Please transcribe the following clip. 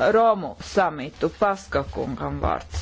Romu samitu. Paskakungam vārds.